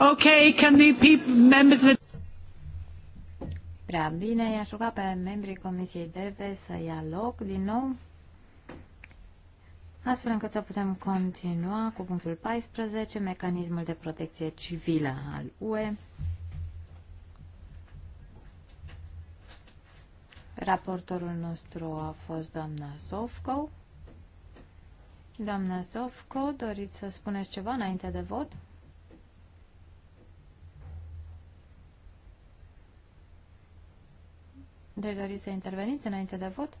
Okay, can the people, members of Prea bine, i-aș ruga pe membrii Comisiei DEVE să ia loc din nou, astfel încât să putem continua cu punctul 14, mecanismul de protecție civilă al UE. Raportorul nostru a fost doamna Sofco. Doamna Sofco, doriți să spuneți ceva înainte de vot? Deci doriți să interveniți înainte de vot?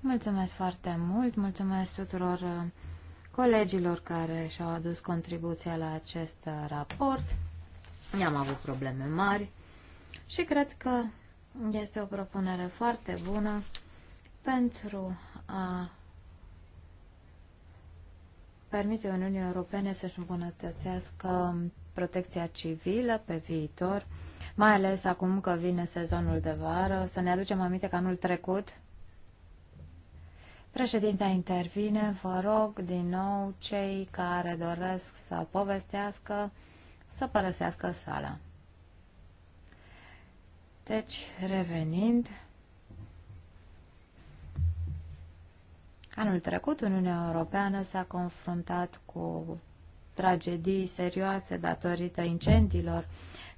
Mulțumesc foarte mult, mulțumesc tuturor uh, colegilor care și-au adus contribuția la acest uh, raport. N-am avut probleme mari și cred că este o propunere foarte bună pentru a permite Uniunii Europene să-și îmbunătățească protecția civilă pe viitor, mai ales acum că vine sezonul de vară. Să ne aducem aminte că anul trecut Președinta intervine, vă rog din nou cei care doresc să povestească să părăsească sala. Deci, revenind, Anul trecut, Uniunea Europeană s-a confruntat cu tragedii serioase datorită incendiilor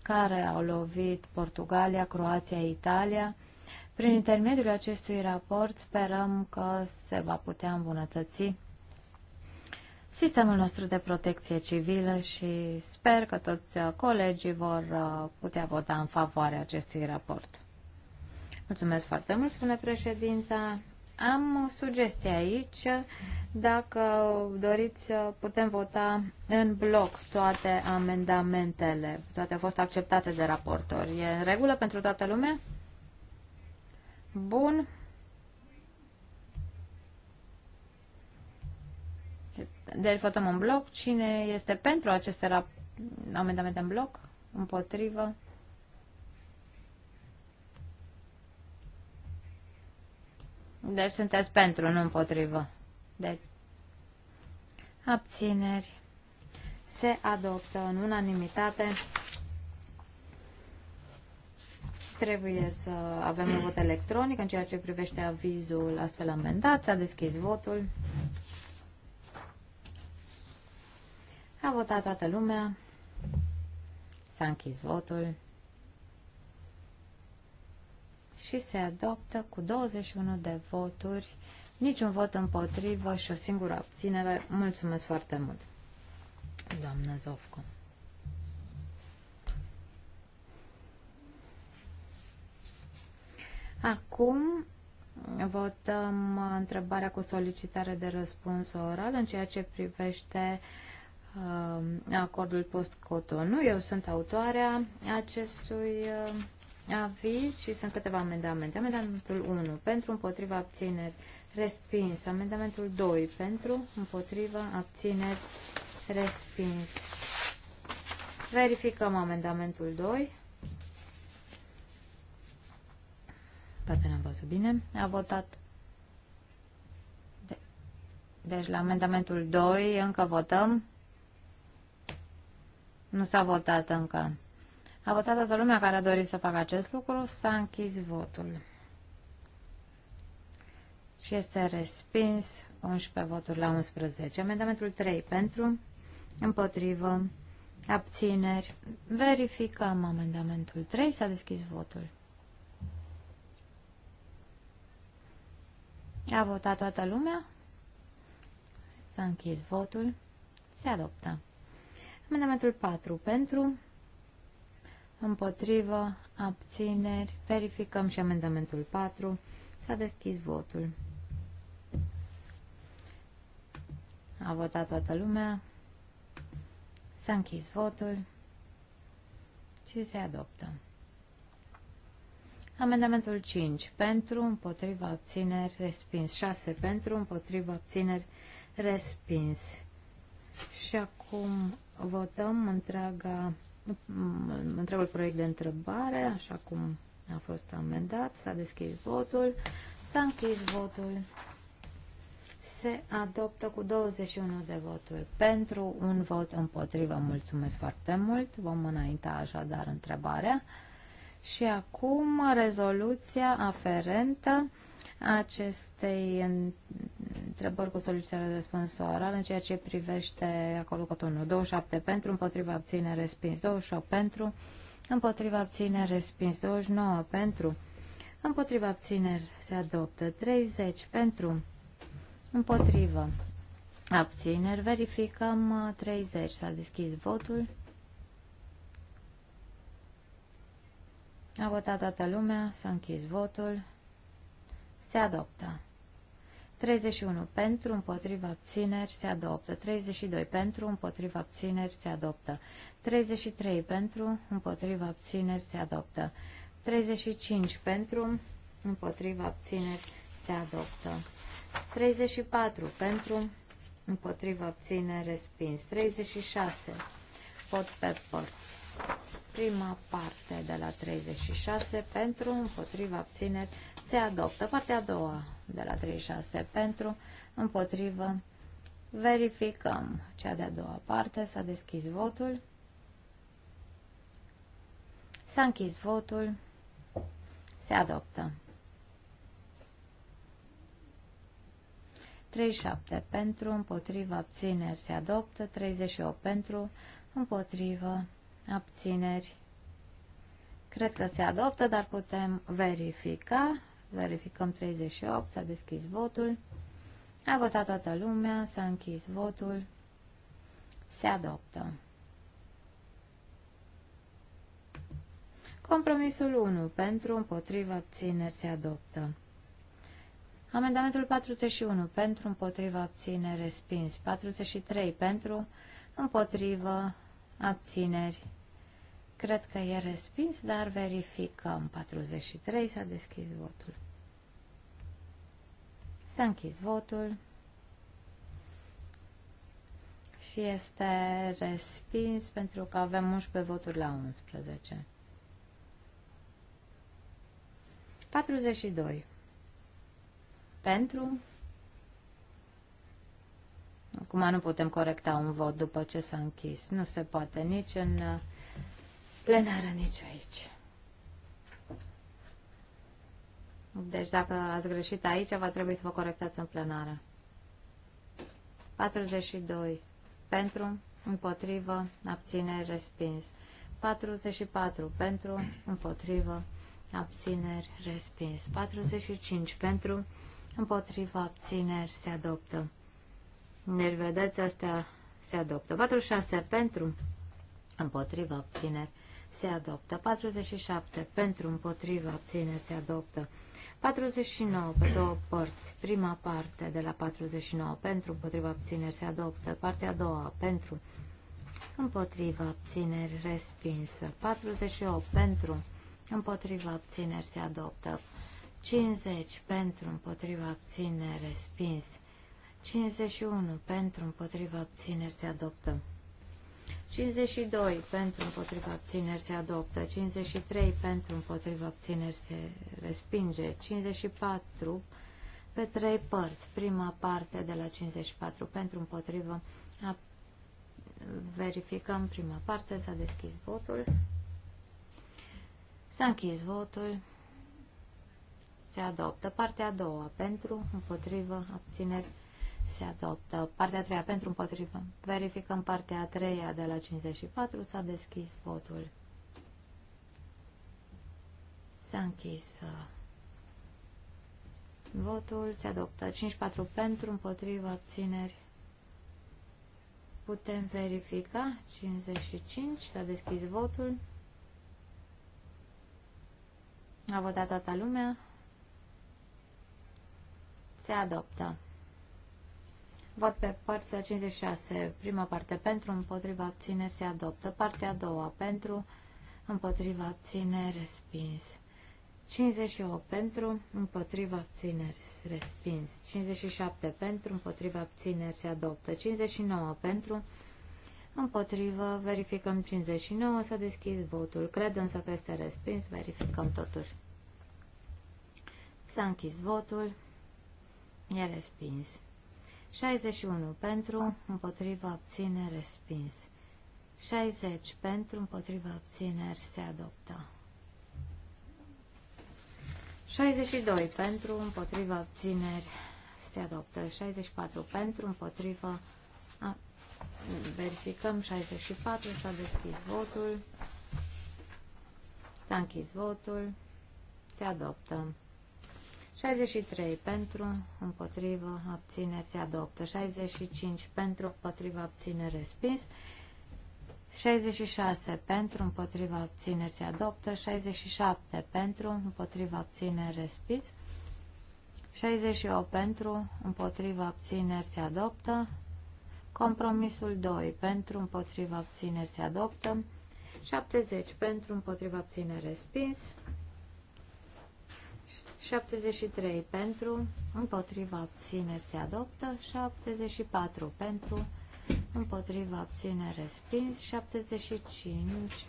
care au lovit Portugalia, Croația, Italia. Prin intermediul acestui raport sperăm că se va putea îmbunătăți sistemul nostru de protecție civilă și sper că toți colegii vor uh, putea vota în favoarea acestui raport. Mulțumesc foarte mult, spune președinta. Am o sugestie aici. Dacă doriți, putem vota în bloc toate amendamentele. Toate au fost acceptate de raportor. E în regulă pentru toată lumea? Bun. Deci votăm în bloc. Cine este pentru aceste amendamente în bloc? Împotrivă? Deci sunteți pentru, nu împotrivă. Deci. Abțineri. Se adoptă în unanimitate. Trebuie să avem un vot electronic în ceea ce privește avizul astfel amendat. S-a deschis votul. A votat toată lumea. S-a închis votul și se adoptă cu 21 de voturi, niciun vot împotrivă și o singură abținere. Mulțumesc foarte mult, doamnă Zofcu. Acum votăm întrebarea cu solicitare de răspuns oral în ceea ce privește uh, acordul post cotonu Eu sunt autoarea acestui uh, aviz și sunt câteva amendamente. Amendamentul 1 pentru împotriva abțineri respins. Amendamentul 2 pentru împotriva abțineri respins. Verificăm amendamentul 2. Poate n-am văzut bine. A votat. De deci la amendamentul 2 încă votăm. Nu s-a votat încă. A votat toată lumea care a dorit să facă acest lucru, s-a închis votul. Și este respins 11 voturi la 11. Amendamentul 3 pentru, împotrivă, abțineri. Verificăm amendamentul 3, s-a deschis votul. A votat toată lumea? S-a închis votul. Se adoptă. Amendamentul 4 pentru, împotrivă, abțineri, verificăm și amendamentul 4, s-a deschis votul. A votat toată lumea, s-a închis votul și se adoptă. Amendamentul 5. Pentru, împotriva, abțineri, respins. 6. Pentru, împotriva, abțineri, respins. Și acum votăm întreaga întregul proiect de întrebare, așa cum a fost amendat, s-a deschis votul, s-a închis votul, se adoptă cu 21 de voturi pentru un vot împotrivă. Mulțumesc foarte mult, vom înainta așadar întrebarea. Și acum rezoluția aferentă acestei întrebări cu solicitare de răspuns oral în ceea ce privește acolo cotonul. 27 pentru, împotriva abține respins. 28 pentru, împotriva abține respins. 29 pentru, împotriva abțineri se adoptă. 30 pentru, împotriva abțineri. Verificăm 30. S-a deschis votul. A votat toată lumea, s-a închis votul, se adoptă. 31 pentru, împotriva abțineri se adoptă. 32 pentru, împotriva abțineri se adoptă. 33 pentru, împotriva abțineri se adoptă. 35 pentru, împotriva abțineri se adoptă. 34 pentru, împotriva abțineri respins. 36 Pot pe porți. Prima parte de la 36 pentru, împotriva abțineri se adoptă. Partea a doua de la 36 pentru, împotrivă verificăm. Cea de-a doua parte s-a deschis votul. S-a închis votul. Se adoptă. 37 pentru, împotriva abțineri se adoptă, 38 pentru, împotrivă abțineri. Cred că se adoptă, dar putem verifica. Verificăm 38, s-a deschis votul. A votat toată lumea, s-a închis votul. Se adoptă. Compromisul 1. Pentru, împotriva, abțineri se adoptă. Amendamentul 41. Pentru, împotriva, abțineri respins. 43. Pentru, împotriva, abțineri. Cred că e respins, dar verificăm. 43 s-a deschis votul. S-a închis votul și este respins pentru că avem 11 voturi la 11. 42. Pentru, Acum nu putem corecta un vot după ce s-a închis. Nu se poate nici în uh, plenară, nici aici. Deci dacă ați greșit aici, va trebui să vă corectați în plenară. 42. Pentru, împotrivă, abține, respins. 44. Pentru, împotrivă, abțineri, respins. 45. Pentru, împotrivă, abțineri, se adoptă ne deci, vedeți, astea se adoptă. 46 pentru, împotriva, obțineri se adoptă. 47 pentru, împotriva, obțineri se adoptă. 49 pe două părți. Prima parte de la 49 pentru, împotriva, obțineri se adoptă. Partea a doua pentru, împotriva, obțineri respinsă. 48 pentru, împotriva, obțineri se adoptă. 50 pentru, împotriva, obțineri respinsă. 51 pentru împotriva abțineri se adoptă. 52 pentru împotriva abțineri se adoptă. 53 pentru împotriva abțineri se respinge. 54 pe trei părți. Prima parte de la 54 pentru împotriva a... verificăm prima parte, s-a deschis votul. S-a închis votul. Se adoptă partea a doua pentru împotriva abțineri se se adoptă. Partea a treia pentru împotrivă. Verificăm partea a treia de la 54. S-a deschis votul. S-a închis uh, votul. Se adoptă 54 pentru împotrivă abțineri. Putem verifica. 55. S-a deschis votul. A votat toată lumea. Se adoptă. Vot pe partea 56. Prima parte pentru, împotriva abțineri se adoptă. Partea a doua pentru, împotriva abțineri respins. 58 pentru, împotriva abțineri respins. 57 pentru, împotriva abțineri se adoptă. 59 pentru, împotriva, verificăm 59, s-a deschis votul. Cred însă că este respins, verificăm totul. S-a închis votul, e respins. 61 pentru, împotriva abțineri respins. 60 pentru, împotriva abțineri se adoptă. 62 pentru, împotriva abțineri se adoptă. 64 pentru, împotriva a, verificăm 64, s-a deschis votul, s-a închis votul, se adoptă. 63 pentru, împotrivă, abțineri se adoptă. 65 pentru, împotrivă, abține, respins. 66 pentru, împotrivă, abțineri se adoptă. 67 pentru, împotrivă, abține, respins. 68 pentru, împotrivă, abțineri se adoptă. Compromisul 2 pentru, împotrivă, abțineri se adoptă. 70 pentru, împotrivă, abține, respins. 73 pentru, împotriva abțineri se adoptă, 74 pentru, împotriva abțineri respins, 75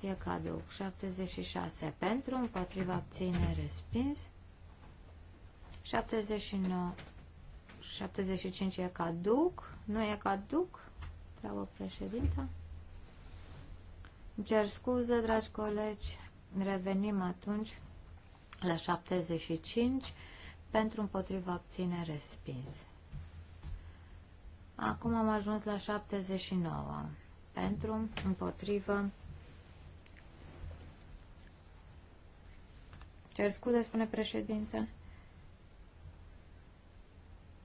e caduc, 76 pentru, împotriva abțineri respins, 79, 75 e caduc, nu e caduc, treabă președinta. Îmi cer scuze, dragi colegi, revenim atunci la 75 pentru împotriva abține respins. Acum am ajuns la 79. Pentru împotrivă Cer scuze, spune președinte.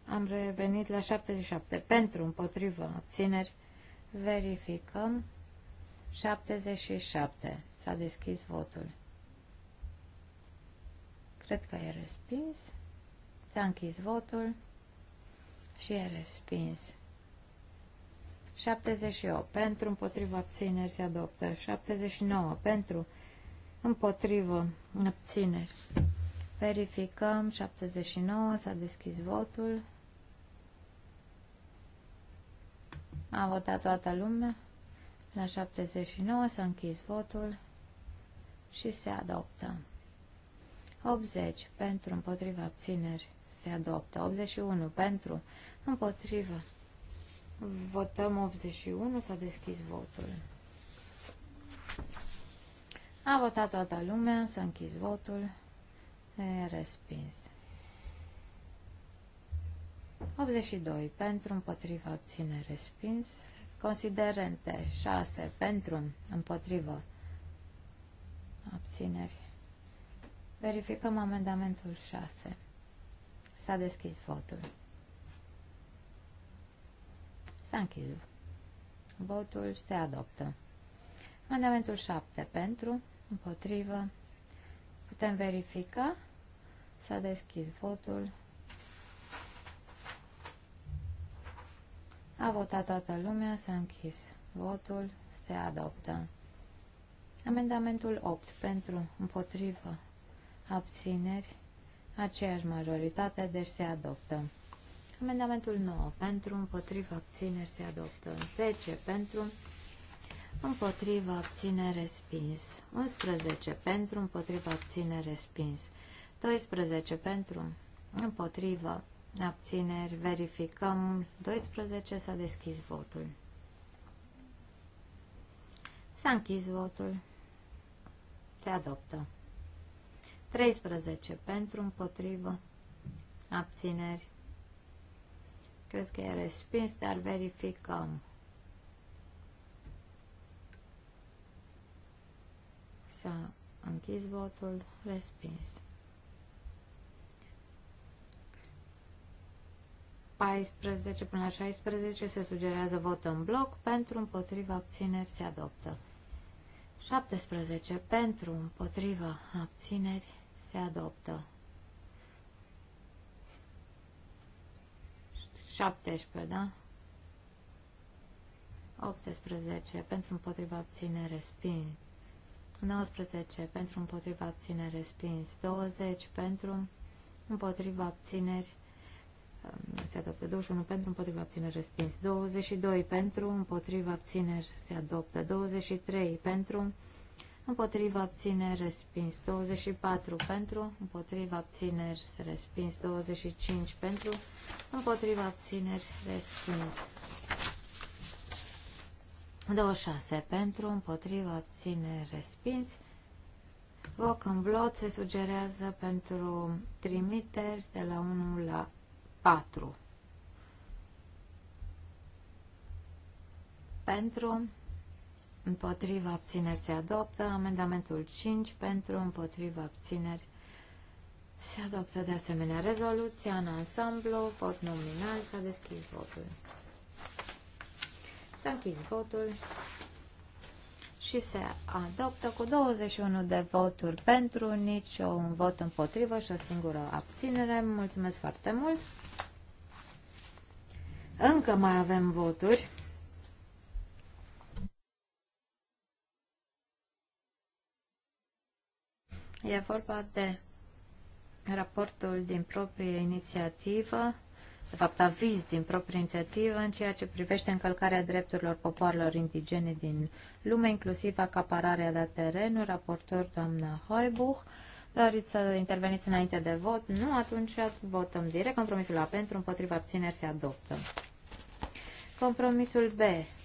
Am revenit la 77. Pentru, împotrivă, abțineri. Verificăm. 77. S-a deschis votul. Cred că e respins. S-a închis votul și e respins. 78. Pentru, împotriva, abțineri se adoptă. 79. Pentru, împotrivă, abțineri. Verificăm. 79. S-a deschis votul. A votat toată lumea. La 79 s-a închis votul și se adoptă. 80 pentru împotriva abțineri se adoptă. 81 pentru împotriva. Votăm 81, s-a deschis votul. A votat toată lumea, s-a închis votul, e respins. 82 pentru împotriva abține respins. Considerente 6 pentru împotriva abțineri Verificăm amendamentul 6. S-a deschis votul. S-a închis. Votul se adoptă. Amendamentul 7 pentru, împotrivă. Putem verifica. S-a deschis votul. A votat toată lumea, s-a închis votul, se adoptă. Amendamentul 8 pentru, împotrivă, abțineri, aceeași majoritate, deci se adoptă. Amendamentul 9 pentru, împotriva abțineri se adoptă. 10 pentru, împotriva abțineri respins. 11 pentru, împotriva abțineri respins. 12 pentru, împotriva abțineri verificăm. 12 s-a deschis votul. S-a închis votul. Se adoptă. 13 pentru, împotrivă, abțineri. Cred că e respins, dar verificăm. S-a închis votul, respins. 14 până la 16 se sugerează vot în bloc, pentru, împotriva, abțineri se adoptă. 17 pentru, împotriva, abțineri se adoptă. 17, da? 18 pentru împotriva obține respins. 19 pentru împotriva obține respins. 20 pentru împotriva obțineri se adoptă 21 pentru împotriva abțineri respins. 22 um, pentru împotriva abțineri se adoptă. 23 pentru împotriva abțineri respins 24 pentru, împotriva abțineri respins 25 pentru, împotriva abțineri respins 26 pentru, împotriva abțineri respins Voc în blot se sugerează pentru trimiteri de la 1 la 4. Pentru împotriva abțineri se adoptă, amendamentul 5 pentru împotriva abțineri se adoptă de asemenea rezoluția în ansamblu, vot nominal, s-a deschis votul. S-a închis votul și se adoptă cu 21 de voturi pentru, nici un vot împotrivă și o singură abținere. Mulțumesc foarte mult! Încă mai avem voturi. E vorba de raportul din proprie inițiativă, de fapt aviz din proprie inițiativă în ceea ce privește încălcarea drepturilor popoarelor indigene din lume, inclusiv acapararea de terenuri, raportor doamna Hoibuch. Doriți să interveniți înainte de vot? Nu, atunci votăm direct. Compromisul A pentru, împotriva abțineri se adoptă. Compromisul B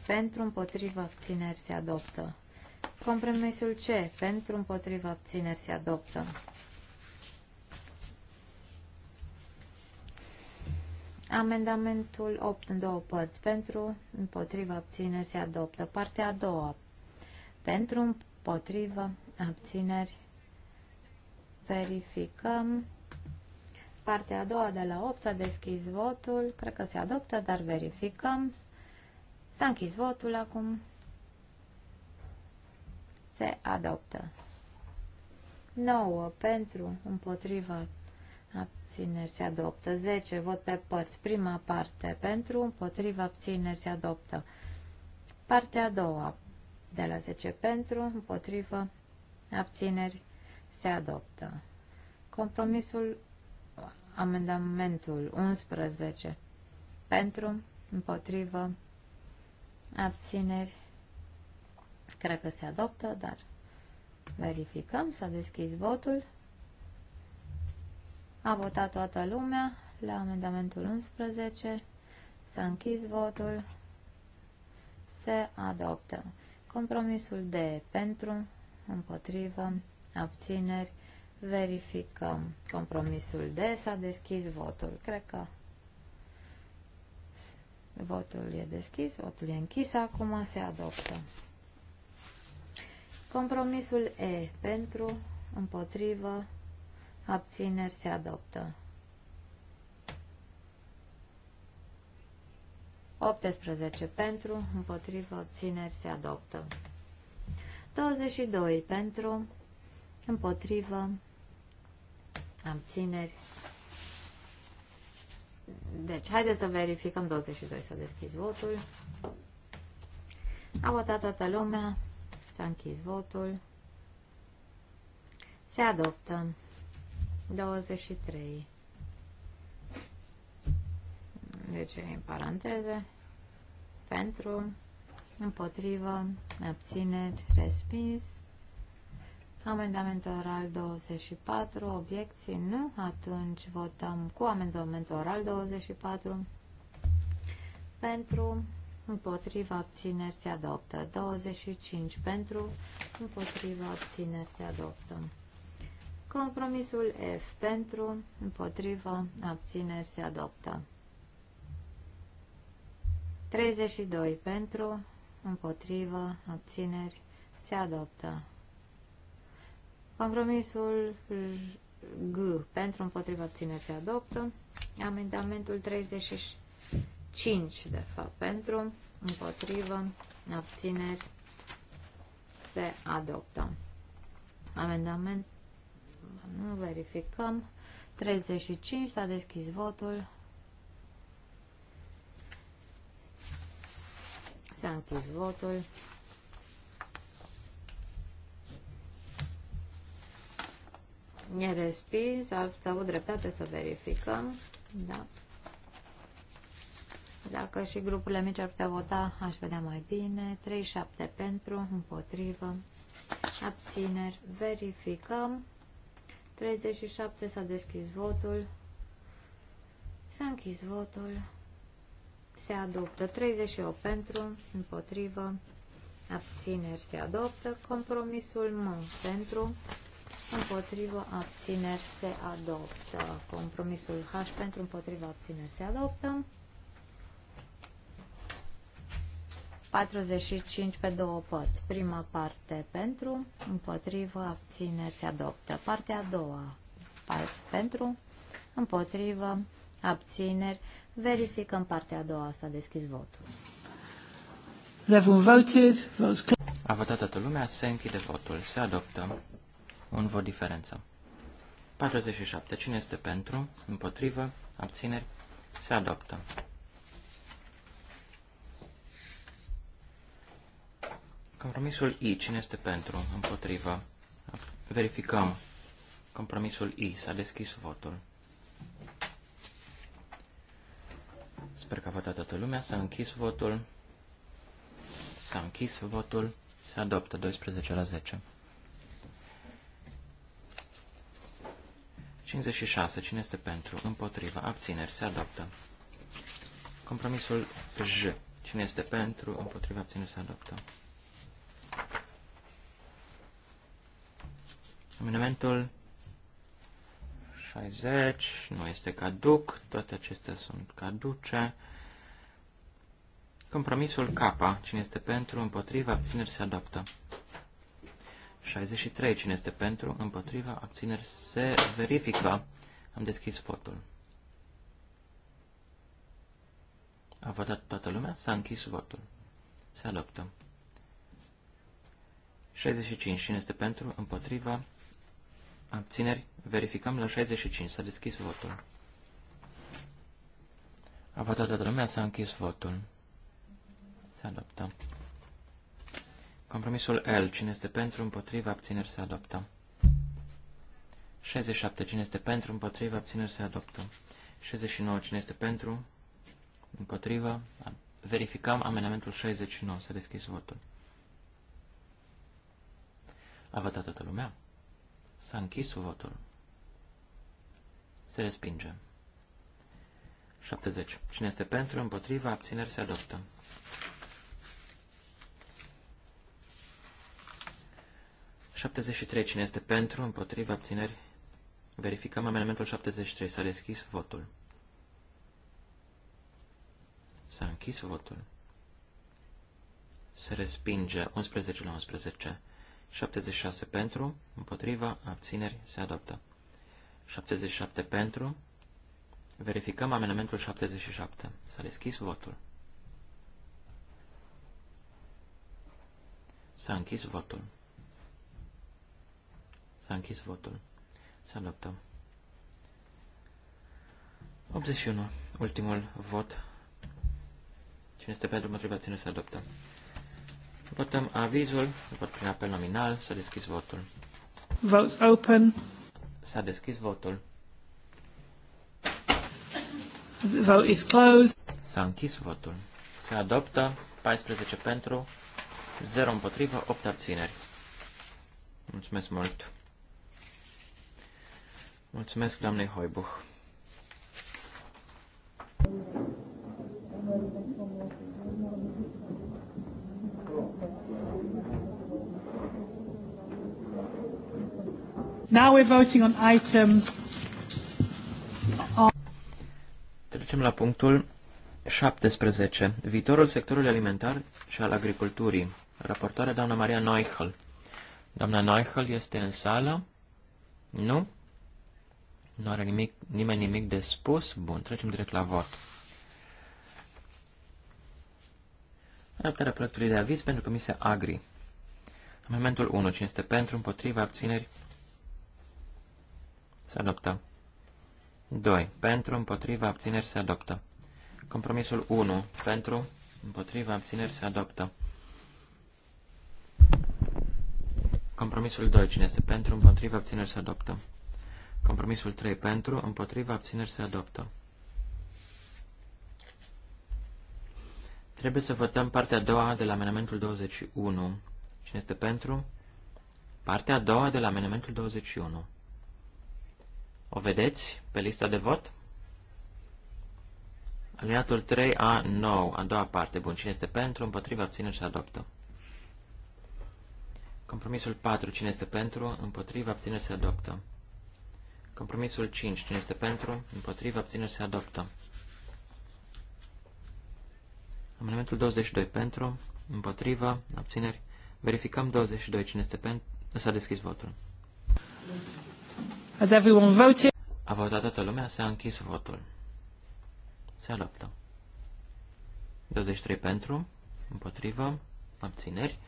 pentru, împotriva abțineri se adoptă. Compromisul C. Pentru împotriva abțineri se adoptă. Amendamentul 8 în două părți. Pentru împotriva abțineri se adoptă. Partea a doua. Pentru împotriva abțineri verificăm. Partea a doua de la 8 s-a deschis votul. Cred că se adoptă, dar verificăm. S-a închis votul acum se adoptă. 9 pentru, împotrivă, abțineri se adoptă. 10 vot pe părți, prima parte, pentru, împotrivă, abțineri se adoptă. Partea a doua, de la 10 pentru, împotrivă, abțineri se adoptă. Compromisul, amendamentul 11, pentru, împotrivă, abțineri Cred că se adoptă, dar verificăm. S-a deschis votul. A votat toată lumea la amendamentul 11. S-a închis votul. Se adoptă. Compromisul de pentru, împotrivă, abțineri. Verificăm compromisul de S-a deschis votul. Cred că votul e deschis, votul e închis. Acum se adoptă. Compromisul E pentru, împotrivă, abțineri se adoptă. 18 pentru, împotrivă, abțineri se adoptă. 22 pentru, împotrivă, abțineri. Deci, haideți să verificăm 22, să deschizi votul. A votat toată lumea. S-a închis votul. Se adoptă. 23. Deci, în paranteze, pentru, împotrivă, abțineri, respins. Amendament oral 24, obiecții nu, atunci votăm cu amendament oral 24 pentru, împotriva abține se adoptă. 25 pentru, împotriva abține se adoptă. Compromisul F pentru, împotriva abține se adoptă. 32 pentru, împotriva abțineri se adoptă. Compromisul G pentru împotriva abține se adoptă. Amendamentul 36 5, de fapt, pentru, împotrivă, abțineri, se adoptă. Amendament, nu verificăm, 35, s-a deschis votul, s-a închis votul, ne respins, s-a avut dreptate să verificăm, da, dacă și grupurile mici ar putea vota, aș vedea mai bine. 37 pentru, împotrivă, abțineri. Verificăm. 37 s-a deschis votul. S-a închis votul. Se adoptă 38 pentru, împotrivă, abțineri se adoptă. Compromisul M pentru, împotrivă, abțineri se adoptă. Compromisul H pentru, împotrivă, abțineri se adoptă. 45 pe două părți. Prima parte pentru, împotrivă, abțineri, se adoptă. Partea a doua pentru, împotrivă, abțineri. Verificăm partea a doua, s-a deschis votul. A votat toată lumea, se închide votul, se adoptă. Un vot diferență. 47. Cine este pentru? Împotrivă? Abțineri? Se adoptă. Compromisul I, cine este pentru? Împotriva. Verificăm. Compromisul I, s-a deschis votul. Sper că a votat toată lumea. S-a închis votul. S-a închis votul. Se adoptă 12 la 10. 56. Cine este pentru? Împotriva. Abțineri. Se adoptă. Compromisul J. Cine este pentru? Împotriva. Abțineri. Se adoptă. Amendamentul 60 nu este caduc, toate acestea sunt caduce. Compromisul K, cine este pentru, împotriva, abțineri se adoptă. 63, cine este pentru, împotriva, abțineri se verifică. Am deschis votul. A votat toată lumea? S-a închis votul. Se adoptă. 65, cine este pentru, împotriva, abțineri, verificăm la 65, s-a deschis votul. A votat toată lumea, s-a închis votul. Se adoptă. Compromisul L. Cine este pentru, împotriva, abțineri, se adoptă. 67. Cine este pentru, împotriva, abțineri, se adoptă. 69. Cine este pentru, împotriva, verificăm amenamentul 69. S-a deschis votul. A votat toată lumea? S-a închis votul. Se respinge. 70. Cine este pentru, împotriva, abțineri, se adoptă. Cine este pentru, împotriva, abțineri, verificăm amendamentul 73. S-a deschis votul. S-a închis votul. Se respinge 11 la 11. 76 pentru, împotriva, abțineri, se adoptă. 77 pentru. Verificăm amendamentul 77. S-a deschis votul. S-a închis votul. S-a închis votul. Se adoptă. 81. Ultimul vot. Cine este pentru împotriva ține se adoptă. Votăm avizul, vot prin apel nominal, s-a deschis votul. Votes open. S-a deschis votul. The vote is closed. S-a închis votul. Se adoptă 14 pentru, 0 împotrivă, 8 abțineri. Mulțumesc mult. Mulțumesc doamnei Hoibuch. Now we're voting on item... Trecem la punctul 17. Viitorul sectorului alimentar și al agriculturii. Raportoarea doamna Maria Neuchel. Doamna Neuchel este în sală? Nu? Nu are nimic, nimeni nimic de spus? Bun, trecem direct la vot. Adaptarea proiectului de aviz pentru Comisia Agri. Amendamentul 1. Cine este pentru, împotriva, abțineri, se adoptă. 2. Pentru, împotriva, abțineri, se adoptă. Compromisul 1. Pentru, împotriva, abțineri, se adoptă. Compromisul 2. Cine este pentru, împotriva, abțineri, se adoptă. Compromisul 3. Pentru, împotriva, abțineri, se adoptă. Trebuie să votăm partea a doua de la amendamentul 21. Cine este pentru? Partea a doua de la amendamentul 21. O vedeți pe lista de vot? aliniatul 3A9, a doua parte. Bun, cine este pentru, împotriva, abține și adoptă. Compromisul 4, cine este pentru, împotriva, abține se adoptă. Compromisul 5, cine este pentru, împotriva, abține se adoptă. Amendamentul 22, pentru, împotriva, abțineri. Verificăm 22, cine este pentru, s-a deschis votul. Has everyone voted? A votat toată lumea, s-a închis votul. Se adoptă. 23 pentru, împotrivă, abțineri.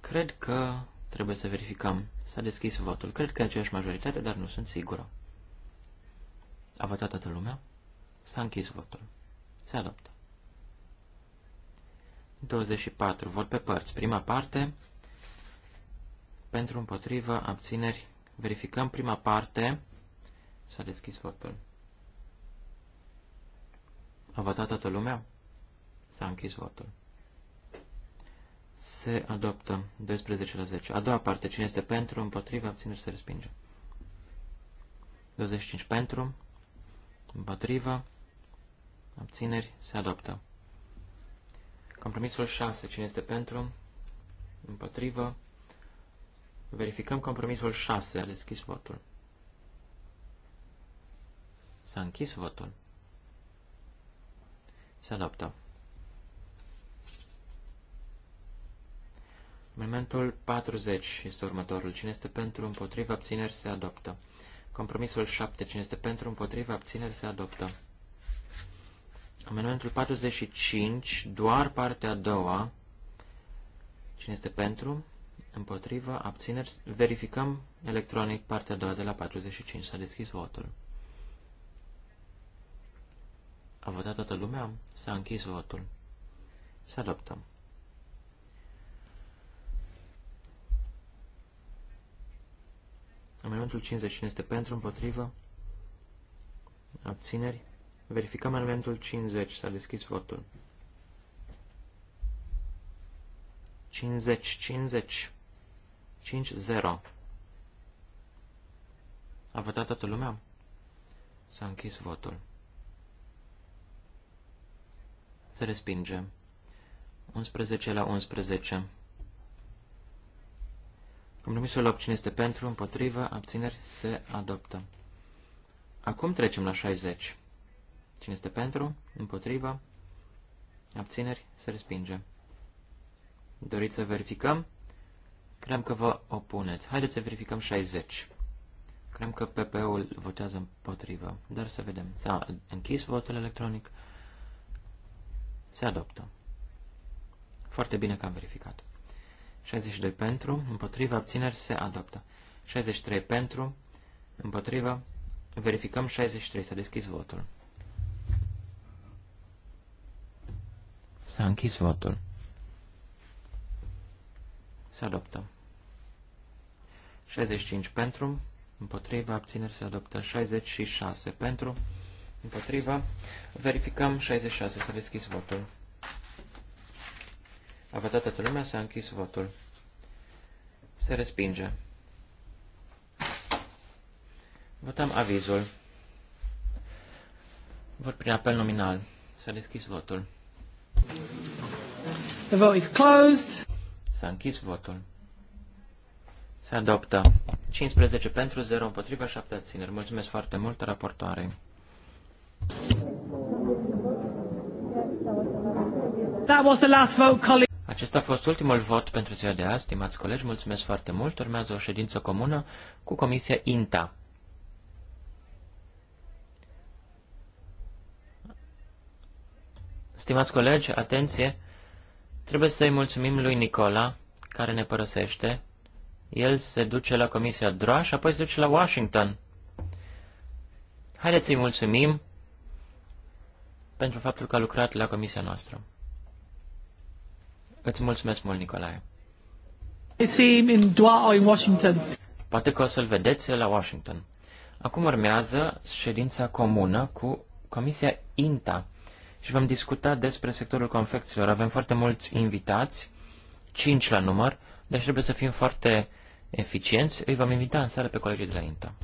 Cred că trebuie să verificăm. S-a deschis votul. Cred că e aceeași majoritate, dar nu sunt sigură. A votat toată lumea? S-a închis votul. Se adoptă. 24. Vot pe părți. Prima parte. Pentru împotrivă, abțineri, Verificăm prima parte. S-a deschis votul. A votat toată lumea? S-a închis votul. Se adoptă 12 la 10. A doua parte, cine este pentru, împotriva, abțineri, se respinge. 25 pentru, împotriva, abțineri, se adoptă. Compromisul 6, cine este pentru, împotriva, Verificăm compromisul 6. A deschis votul. S-a închis votul. Se adoptă. Momentul 40 este următorul. Cine este pentru, împotriva, abțineri, se adoptă. Compromisul 7. Cine este pentru, împotriva, abțineri, se adoptă. Amendamentul 45, doar partea a doua. Cine este pentru, împotrivă, abțineri, verificăm electronic partea a doua de la 45. S-a deschis votul. A votat toată lumea? S-a închis votul. Să adoptăm. Amendamentul 55 este pentru, împotrivă, abțineri. Verificăm amendamentul 50. S-a deschis votul. 50, 50. 5-0. A votat toată lumea? S-a închis votul. Se respinge. 11 la 11. Compromisul 8. Cine este pentru, împotrivă, abțineri, se adoptă. Acum trecem la 60. Cine este pentru, împotrivă, abțineri, se respinge. Doriți să verificăm? Cream că vă opuneți. Haideți să verificăm 60. Cream că PP-ul votează împotrivă, dar să vedem. S-a închis votul electronic. Se adoptă. Foarte bine că am verificat. 62 pentru, împotrivă, abțineri, se adoptă. 63 pentru, împotrivă, verificăm 63, s-a deschis votul. S-a închis votul. Se adoptă. 65 pentru, împotriva, abțineri se adoptă. 66 pentru, împotriva. Verificăm 66, s-a deschis votul. A votat toată lumea, s-a închis votul. Se respinge. Votăm avizul. Vot prin apel nominal. S-a deschis votul. The vote is closed. S-a închis votul. Se adoptă 15 pentru, 0 împotriva, 7 țineri. Mulțumesc foarte mult, raportoare. Acesta a fost ultimul vot pentru ziua de azi, stimați colegi, mulțumesc foarte mult. Urmează o ședință comună cu Comisia INTA. Stimați colegi, atenție! Trebuie să-i mulțumim lui Nicola, care ne părăsește. El se duce la Comisia DROA și apoi se duce la Washington. Haideți să-i mulțumim pentru faptul că a lucrat la comisia noastră. Îți mulțumesc mult, Nicolae. în Doha, Washington. Poate că o să-l vedeți la Washington. Acum urmează ședința comună cu Comisia INTA și vom discuta despre sectorul confecțiilor. Avem foarte mulți invitați, cinci la număr, deci trebuie să fim foarte eficienți. Îi vom invita în seară pe colegii de la INTA.